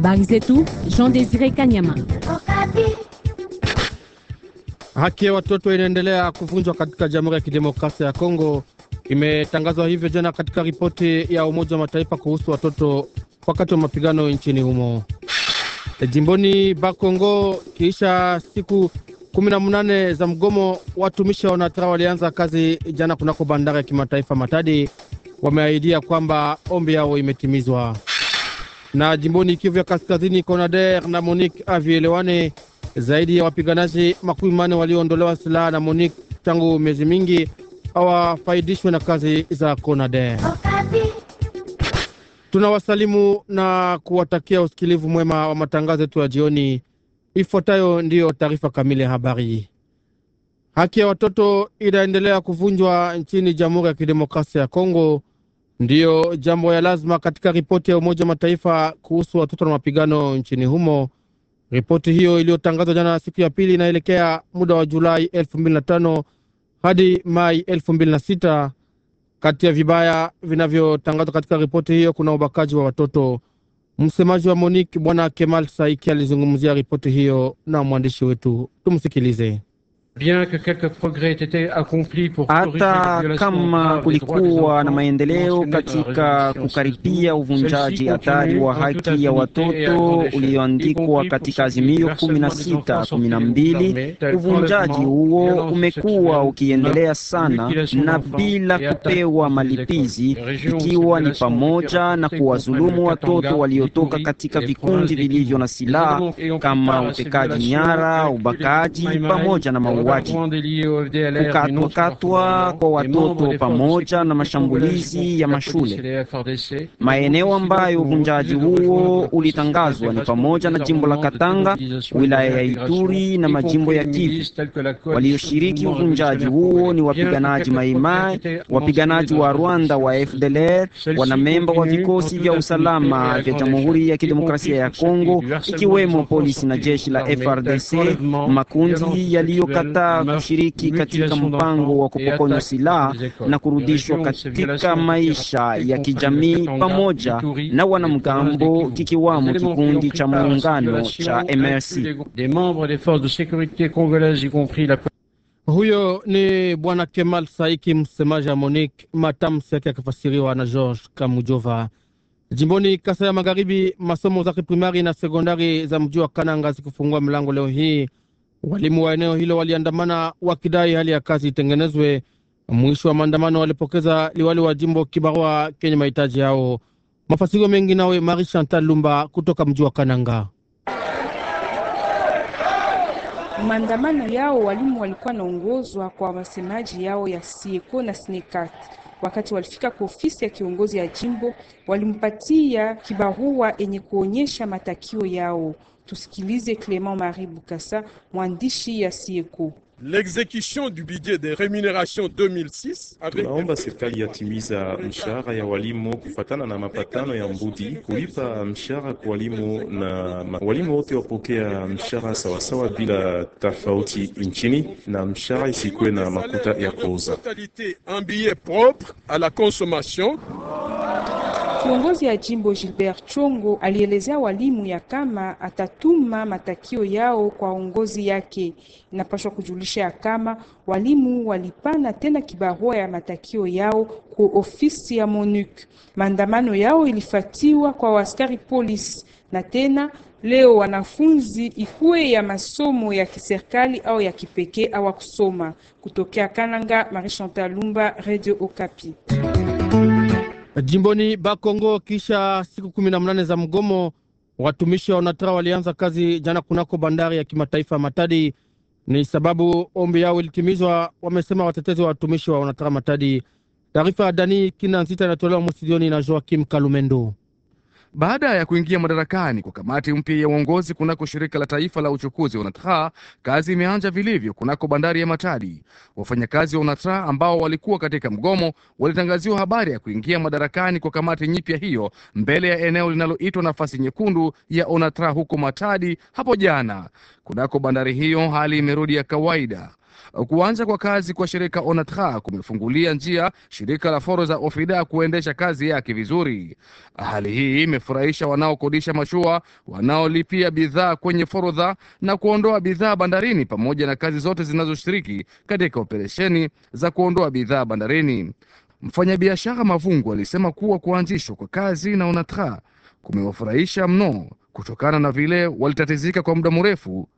Habari zetu Jean Desire Kanyama. Haki ya watoto inaendelea kuvunjwa katika Jamhuri ya Kidemokrasia ya Kongo. Imetangazwa hivyo jana katika ripoti ya Umoja wa Mataifa kuhusu watoto wakati wa mapigano nchini humo. Jimboni Bakongo, kiisha siku kumi na mnane za mgomo, watumishi wa Onatra walianza kazi jana kunako bandari ya kimataifa Matadi. Wameahidia kwamba ombi yao imetimizwa na jimboni Kivu ya Kaskazini, Conader na Monik avielewane. Zaidi ya wapiganaji makumi mane walioondolewa silaha na Monik tangu miezi mingi hawafaidishwe na kazi za Conader. Tunawasalimu na kuwatakia usikilivu mwema wa matangazo yetu ya jioni. Ifuatayo ndiyo taarifa kamili ya habari. Haki ya watoto inaendelea kuvunjwa nchini Jamhuri ya Kidemokrasia ya Kongo ndiyo jambo ya lazima katika ripoti ya Umoja wa Mataifa kuhusu watoto na mapigano nchini humo. Ripoti hiyo iliyotangazwa jana siku ya pili inaelekea muda wa Julai elfu mbili na tano hadi Mai elfu mbili na sita. Kati ya vibaya vinavyotangazwa katika ripoti hiyo kuna ubakaji wa watoto. Msemaji wa MONUC Bwana Kemal Saiki alizungumzia ripoti hiyo na mwandishi wetu, tumsikilize hata kama kulikuwa na maendeleo katika kukaribia uvunjaji hatari wa haki ya watoto ulioandikwa katika azimio 1612, uvunjaji huo umekuwa ukiendelea sana na bila kupewa malipizi, ikiwa ni pamoja na kuwazulumu watoto waliotoka katika vikundi vilivyo na silaha kama utekaji nyara, ubakaji pamoja na mauaji mauaji, kukatwakatwa kwa watoto pamoja na mashambulizi ya mashule. Maeneo ambayo uvunjaji huo ulitangazwa ni pamoja na jimbo la Katanga, wilaya ya Ituri na majimbo ya Kivu. Walioshiriki uvunjaji huo ni wapiganaji Maimai, wapiganaji wa Rwanda wa FDLR, wanamemba wa vikosi vya usalama vya Jamhuri ya Kidemokrasia ya Kongo, ikiwemo polisi na jeshi la FRDC, makundi yaliyokata kukataa kushiriki katika mpango wa kupokonywa silaha na kurudishwa katika maisha ya kijamii pamoja na wanamgambo kikiwamo kikundi cha muungano cha MRC. Huyo ni bwana Kemal Saiki, msemaji wa Monik. Matamsi yake yakifasiriwa na George Kamujova. Jimboni Kasa ya Magharibi, masomo za kiprimari na sekondari za mji wa Kananga zikifungua mlango leo hii Walimu wa eneo hilo waliandamana wakidai hali ya kazi itengenezwe. Mwisho wa maandamano walipokeza liwali wa jimbo kibarua kenye mahitaji yao. mafasirio mengi nawe Marie Chantal Lumba kutoka mji wa Kananga. Maandamano yao walimu walikuwa naongozwa kwa wasemaji yao ya sieko na snekat Wakati walifika kwa ofisi ya kiongozi ya jimbo, walimpatia kibarua yenye kuonyesha matakio yao. Tusikilize Clement Marie Bukasa, mwandishi ya Sieko. l'exécution du budget des rémunérations 2006 tunaomba serikali yatimiza mshahara ya walimu kufatana na mapatano ya Mbudi kulipa mshahara kwa walimu na ma... walimu wote wapokea mshahara sawasawa bila tofauti nchini na mshahara isikuwe na makuta ya Totalité un billet propre à la consommation Kiongozi ya jimbo Gilbert Chongo alielezea walimu ya kama atatuma matakio yao kwa ongozi yake. Inapaswa kujulisha ya kama walimu walipana tena kibarua ya matakio yao ku ofisi ya MONUC. Maandamano yao ilifatiwa kwa askari polisi, na tena leo wanafunzi ikuwe ya masomo ya kiserikali au ya kipekee awakusoma. Kutokea Kananga, Marie Chantal Lumba, Radio Okapi. Jimboni Bakongo, kisha siku kumi na mnane za mgomo, watumishi wa Onatra walianza kazi jana kunako bandari ya kimataifa Matadi. Ni sababu ombi yao ilitimizwa, wamesema watetezi wa watumishi wa Onatra Matadi. Taarifa ya Dani Kinanzita inatolewa mustudioni na Joakim Kalumendo. Baada ya kuingia madarakani kwa kamati mpya ya uongozi kunako shirika la taifa la uchukuzi Onatra, kazi imeanza vilivyo kunako bandari ya Matadi. Wafanyakazi wa Onatra ambao walikuwa katika mgomo walitangaziwa habari ya kuingia madarakani kwa kamati nyipya hiyo mbele ya eneo linaloitwa nafasi nyekundu ya Onatra huko Matadi hapo jana. Kunako bandari hiyo hali imerudi ya kawaida. Kuanza kwa kazi kwa shirika ONATRA kumefungulia njia shirika la forodha Ofida kuendesha kazi yake vizuri. Hali hii imefurahisha wanaokodisha mashua, wanaolipia bidhaa kwenye forodha na kuondoa bidhaa bandarini, pamoja na kazi zote zinazoshiriki katika operesheni za kuondoa bidhaa bandarini. Mfanyabiashara Mavungu alisema kuwa kuanzishwa kwa kazi na ONATRA kumewafurahisha mno kutokana na vile walitatizika kwa muda mrefu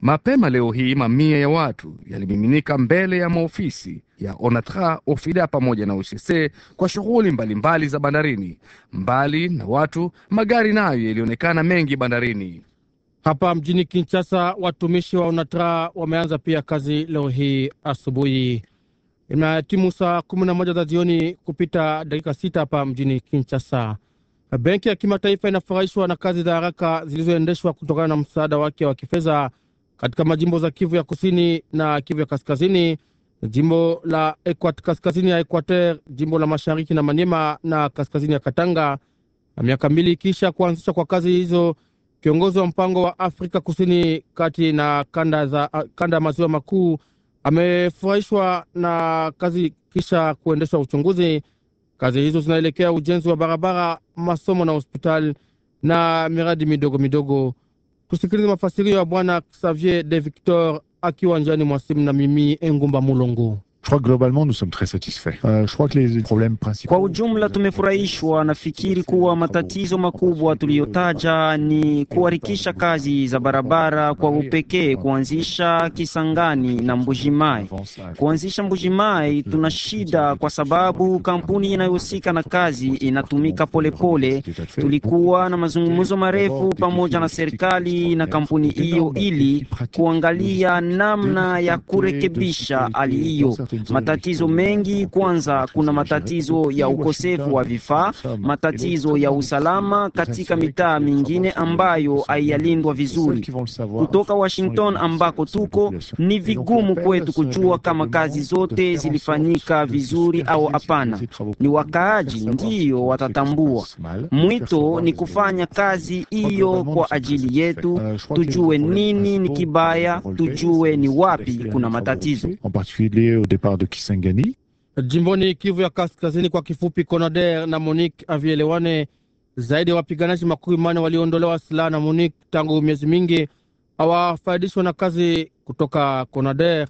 Mapema leo hii mamia ya watu yalimiminika mbele ya maofisi ya ONATRA, OFIDA pamoja na OCC kwa shughuli mbalimbali za bandarini. Mbali na watu, magari nayo yalionekana mengi bandarini. Hapa mjini Kinshasa, watumishi wa ONATRA wameanza pia kazi leo hii asubuhi. Inatimu saa kumi na moja za jioni kupita dakika sita hapa mjini Kinshasa. Benki ya Kimataifa inafurahishwa na kazi za haraka zilizoendeshwa kutokana na msaada wake wa kifedha katika majimbo za Kivu ya kusini na Kivu ya kaskazini, jimbo la Equat, kaskazini ya Equateur, jimbo la mashariki na manyema na kaskazini ya Katanga. Na miaka mbili kisha kuanzishwa kwa kazi hizo, kiongozi wa mpango wa Afrika kusini kati na kanda za kanda ya maziwa makuu amefurahishwa na kazi kisha kuendeshwa uchunguzi. Kazi hizo zinaelekea ujenzi wa barabara, masomo na hospitali na miradi midogo midogo tusikilize mafasirio ya Bwana Xavier de Victor akiwa njani mwa simu na mimi Engumba Mulongo. Je crois que globalement nous sommes très satisfaits. Euh, je crois que les problèmes principaux... Kwa ujumla tumefurahishwa. Nafikiri kuwa matatizo makubwa tuliyotaja ni kuharikisha kazi za barabara kwa upekee, kuanzisha Kisangani na Mbujimai. Kuanzisha Mbujimai tuna shida kwa sababu kampuni inayohusika na kazi inatumika polepole pole. Tulikuwa na mazungumzo marefu pamoja na serikali na kampuni hiyo ili kuangalia namna ya kurekebisha hali hiyo matatizo mengi. Kwanza kuna matatizo ya ukosefu wa vifaa, matatizo ya usalama katika mitaa mingine ambayo haiyalindwa vizuri. Kutoka Washington ambako tuko, ni vigumu kwetu kujua kama kazi zote zilifanyika vizuri au hapana. Ni wakaaji ndiyo watatambua. Mwito ni kufanya kazi hiyo kwa ajili yetu, tujue nini ni kibaya, tujue ni wapi kuna matatizo départ de Kisangani. Jimboni Kivu ya Kaskazini, kwa kifupi CONADER na MONUC avielewane Zaidi ya wapiganaji makumi mane waliondolewa silaha na MONUC tangu miezi mingi, hawafaidishwa na kazi kutoka CONADER.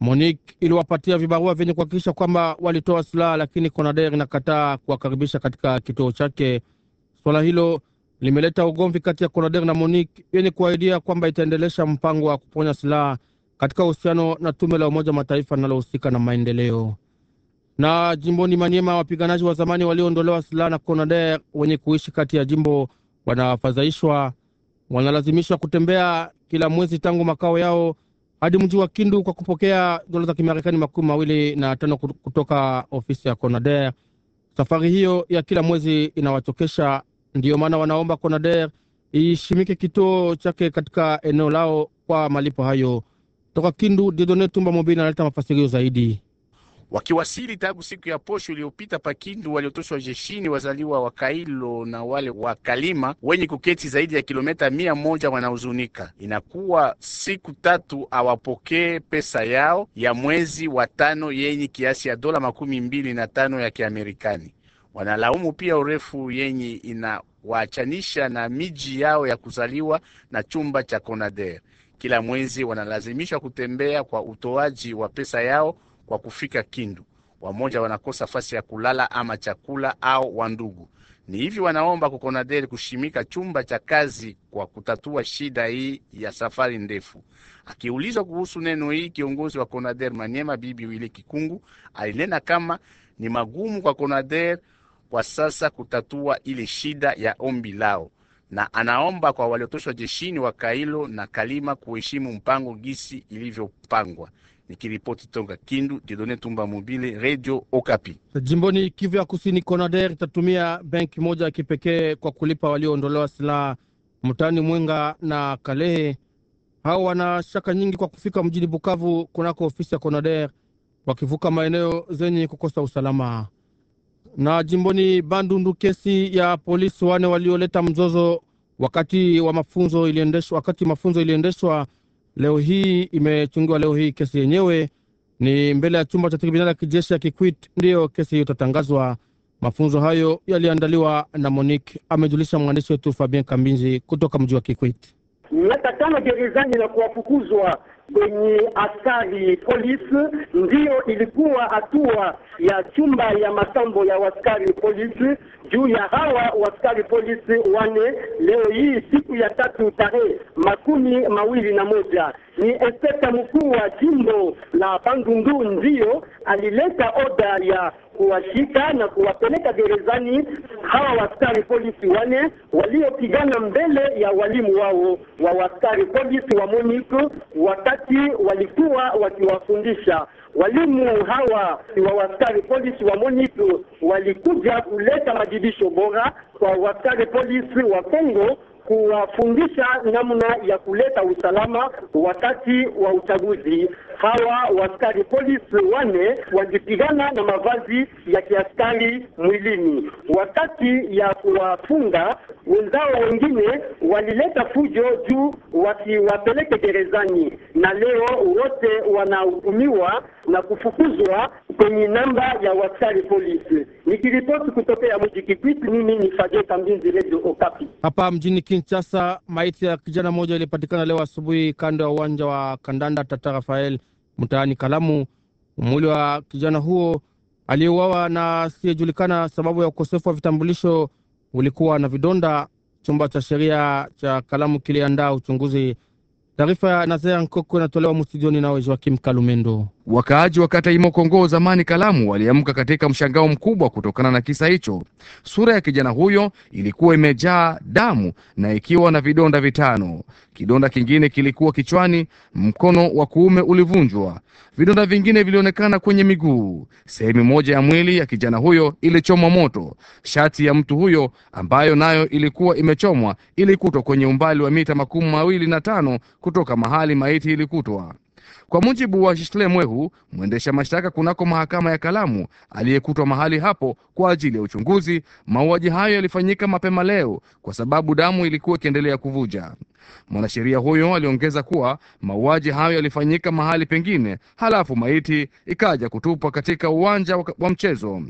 MONUC iliwapatia vibarua vyenye kuhakikisha kwamba walitoa silaha, lakini CONADER inakataa kuwakaribisha katika kituo chake. Swala hilo limeleta ugomvi kati ya CONADER na MONUC yenye kuahidia kwamba itaendelesha mpango wa kuponya silaha katika uhusiano na tume la Umoja Mataifa linalohusika na maendeleo. Na jimboni Maniema, wapiganaji wa zamani walioondolewa silaha na CONADER wenye kuishi kati ya jimbo wanafadhaishwa, wanalazimishwa kutembea kila mwezi tangu makao yao hadi mji wa Kindu kwa kupokea dola za Kimarekani makumi mawili na tano kutoka ofisi ya CONADER. Safari hiyo ya kila mwezi inawachokesha, ndiyo maana wanaomba CONADER iishimike kituo chake katika eneo lao kwa malipo hayo. Toka Kindu, Dedone Tumba Mobeni analeta mafasirio zaidi. Wakiwasili tangu siku ya posho iliyopita Pakindu, waliotoshwa jeshini wazaliwa wa Kailo na wale wa Kalima wenye kuketi zaidi ya kilomita mia moja wanahuzunika. Inakuwa siku tatu awapokee pesa yao ya mwezi wa tano yenye kiasi ya dola makumi mbili na tano ya Kiamerikani. Wanalaumu pia urefu yenye inawaachanisha na miji yao ya kuzaliwa na chumba cha Konader kila mwezi wanalazimishwa kutembea kwa utoaji wa pesa yao kwa kufika Kindu. Wamoja wanakosa fasi ya kulala ama chakula au wandugu. Ni hivi wanaomba kukonaderi kushimika chumba cha kazi kwa kutatua shida hii ya safari ndefu. Akiulizwa kuhusu neno hii, kiongozi wa Konader Manyema Bibi Wili Kikungu alinena kama ni magumu kwa Konader kwa sasa kutatua ile shida ya ombi lao na anaomba kwa waliotoshwa jeshini wa Kailo na Kalima kuheshimu mpango gisi ilivyopangwa. Nikiripoti toka Kindu, Jidone Tumba Mobile, Radio Okapi. Jimboni Kivu ya Kusini, Konader itatumia benki moja ya kipekee kwa kulipa walioondolewa silaha mtaani Mwenga na Kalehe. Hao wana shaka nyingi kwa kufika mjini Bukavu kunako ofisi ya Konader wakivuka maeneo zenye kukosa usalama. Na jimboni Bandundu, kesi ya polisi wane walioleta mzozo wakati wa mafunzo iliendeshwa, wakati mafunzo iliendeshwa leo hii, imechungiwa leo hii. Kesi yenyewe ni mbele ya chumba cha tribunali ya kijeshi ya Kikwit, ndiyo kesi hiyo itatangazwa. Mafunzo hayo yaliandaliwa na Monique, amejulisha mwandishi wetu Fabien Kambinzi kutoka mji wa Kikwit. Miaka tano gerezani na kuwafukuzwa kwenye askari polisi, ndiyo ilikuwa hatua ya chumba ya masambo ya waskari polisi juu ya hawa waskari polisi wane. Leo hii siku ya tatu tarehe makumi mawili na moja ni inspekta mkuu wa jimbo la Bandundu ndiyo alileta oda ya kuwashika na kuwapeleka gerezani hawa waskari polisi wane waliopigana mbele ya walimu wao wa waskari polisi wa MONUC wakati wakati walikuwa wakiwafundisha walimu hawa wa waskari polisi wa MONUSCO walikuja kuleta majibisho bora kwa waskari polisi wa Kongo kuwafundisha namna ya kuleta usalama wakati wa uchaguzi. Hawa waskari polisi wane walipigana na mavazi ya kiaskari mwilini. Wakati ya kuwafunga wenzao wengine walileta fujo juu wasiwapeleke gerezani, na leo wote wanahukumiwa na kufukuzwa kwenye namba ya waskari polisi. Nikiripoti kutokea mji kikwiti mimi ni Fage Kambinzi, Radio Okapi. Hapa mjini Kinshasa, maiti ya kijana mmoja ilipatikana leo asubuhi kando ya uwanja wa kandanda Tata Rafael mtaani Kalamu. Mwili wa kijana huo aliyeuawa na asiyejulikana sababu ya ukosefu wa vitambulisho ulikuwa na vidonda. Chumba cha sheria cha Kalamu kiliandaa uchunguzi. Taarifa ya Nazea Nkoko inatolewa mstudioni nawe Joakim Kalumendo. Wakaaji wa kata Imokongo zamani Kalamu waliamka katika mshangao mkubwa kutokana na kisa hicho. Sura ya kijana huyo ilikuwa imejaa damu na ikiwa na vidonda vitano. Kidonda kingine kilikuwa kichwani, mkono wa kuume ulivunjwa. Vidonda vingine vilionekana kwenye miguu. Sehemu moja ya mwili ya kijana huyo ilichomwa moto. Shati ya mtu huyo ambayo nayo ilikuwa imechomwa ilikutwa kwenye umbali wa mita makumi mawili na tano kutoka mahali maiti ilikutwa. Kwa mujibu wa Ghislain Mwehu, mwendesha mashtaka kunako mahakama ya Kalamu aliyekutwa mahali hapo kwa ajili ya uchunguzi, mauaji hayo yalifanyika mapema leo kwa sababu damu ilikuwa ikiendelea kuvuja. Mwanasheria huyo aliongeza kuwa mauaji hayo yalifanyika mahali pengine, halafu maiti ikaja kutupwa katika uwanja wa mchezo.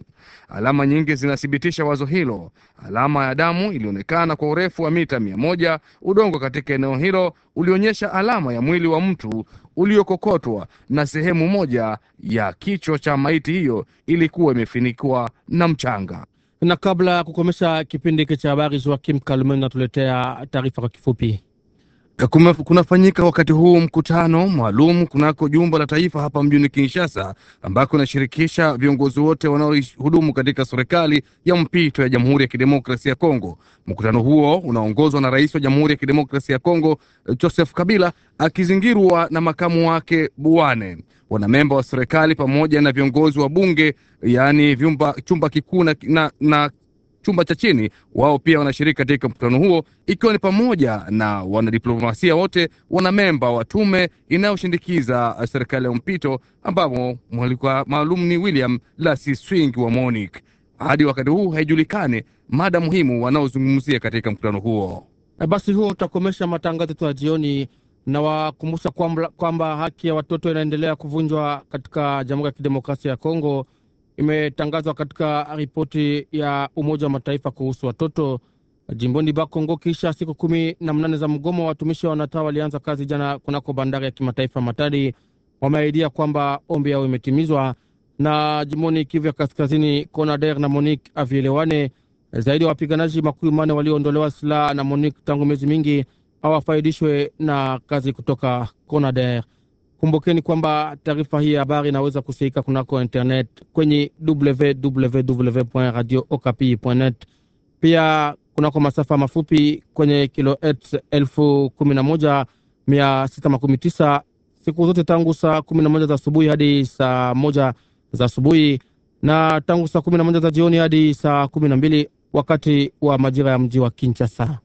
Alama nyingi zinathibitisha wazo hilo. Alama ya damu ilionekana kwa urefu wa mita mia moja. Udongo katika eneo hilo ulionyesha alama ya mwili wa mtu uliokokotwa na sehemu moja ya kichwa cha maiti hiyo ilikuwa imefinikwa na mchanga. Na kabla ya kukomesha kipindi hiki cha habari, Joakim Kalumeni natuletea taarifa kwa kifupi kunafanyika wakati huu mkutano maalum kunako jumba la taifa hapa mjini Kinshasa ambako inashirikisha viongozi wote wanaohudumu katika serikali ya mpito ya Jamhuri ya Kidemokrasia ya Kongo. Mkutano huo unaongozwa na Rais wa Jamhuri ya Kidemokrasia ya Kongo Joseph Kabila akizingirwa na makamu wake buane wanamemba wa serikali pamoja na viongozi wa bunge, yaani vyumba chumba kikuu na, na, na chumba cha chini, wao pia wanashiriki katika mkutano huo, ikiwa ni pamoja na wanadiplomasia wote wanamemba wa tume inayoshindikiza serikali ya mpito, ambapo mwalikwa maalum ni William Lasi Swing wa Monic. Hadi wakati huu haijulikani mada muhimu wanaozungumzia katika mkutano huo. Na basi huo utakomesha matangazo yetu ya jioni. Nawakumbusha kwamba, kwamba haki ya watoto inaendelea kuvunjwa katika Jamhuri ya Kidemokrasia ya Kongo imetangazwa katika ripoti ya Umoja wa Mataifa kuhusu watoto jimboni Bakongo. Kisha siku kumi na mnane za mgomo watumishi wa wanataa walianza kazi jana kunako bandari ya kimataifa Matadi. Wameahidia kwamba ombi yao imetimizwa. Na jimboni Kivu ya Kaskazini, Conader na Monique avielewane zaidi ya wapiganaji makumi mane walioondolewa silaha na Monique tangu miezi mingi hawafaidishwe na kazi kutoka Conader. Kumbukeni kwamba taarifa hii ya habari inaweza kusikika kunako internet kwenye www.radiookapi.net, pia kunako masafa mafupi kwenye kilohertz elfu kumi na moja mia sita makumi tisa siku zote tangu saa kumi na moja za asubuhi hadi saa moja za asubuhi na tangu saa kumi na moja za jioni hadi saa kumi na mbili wakati wa majira ya mji wa Kinshasa.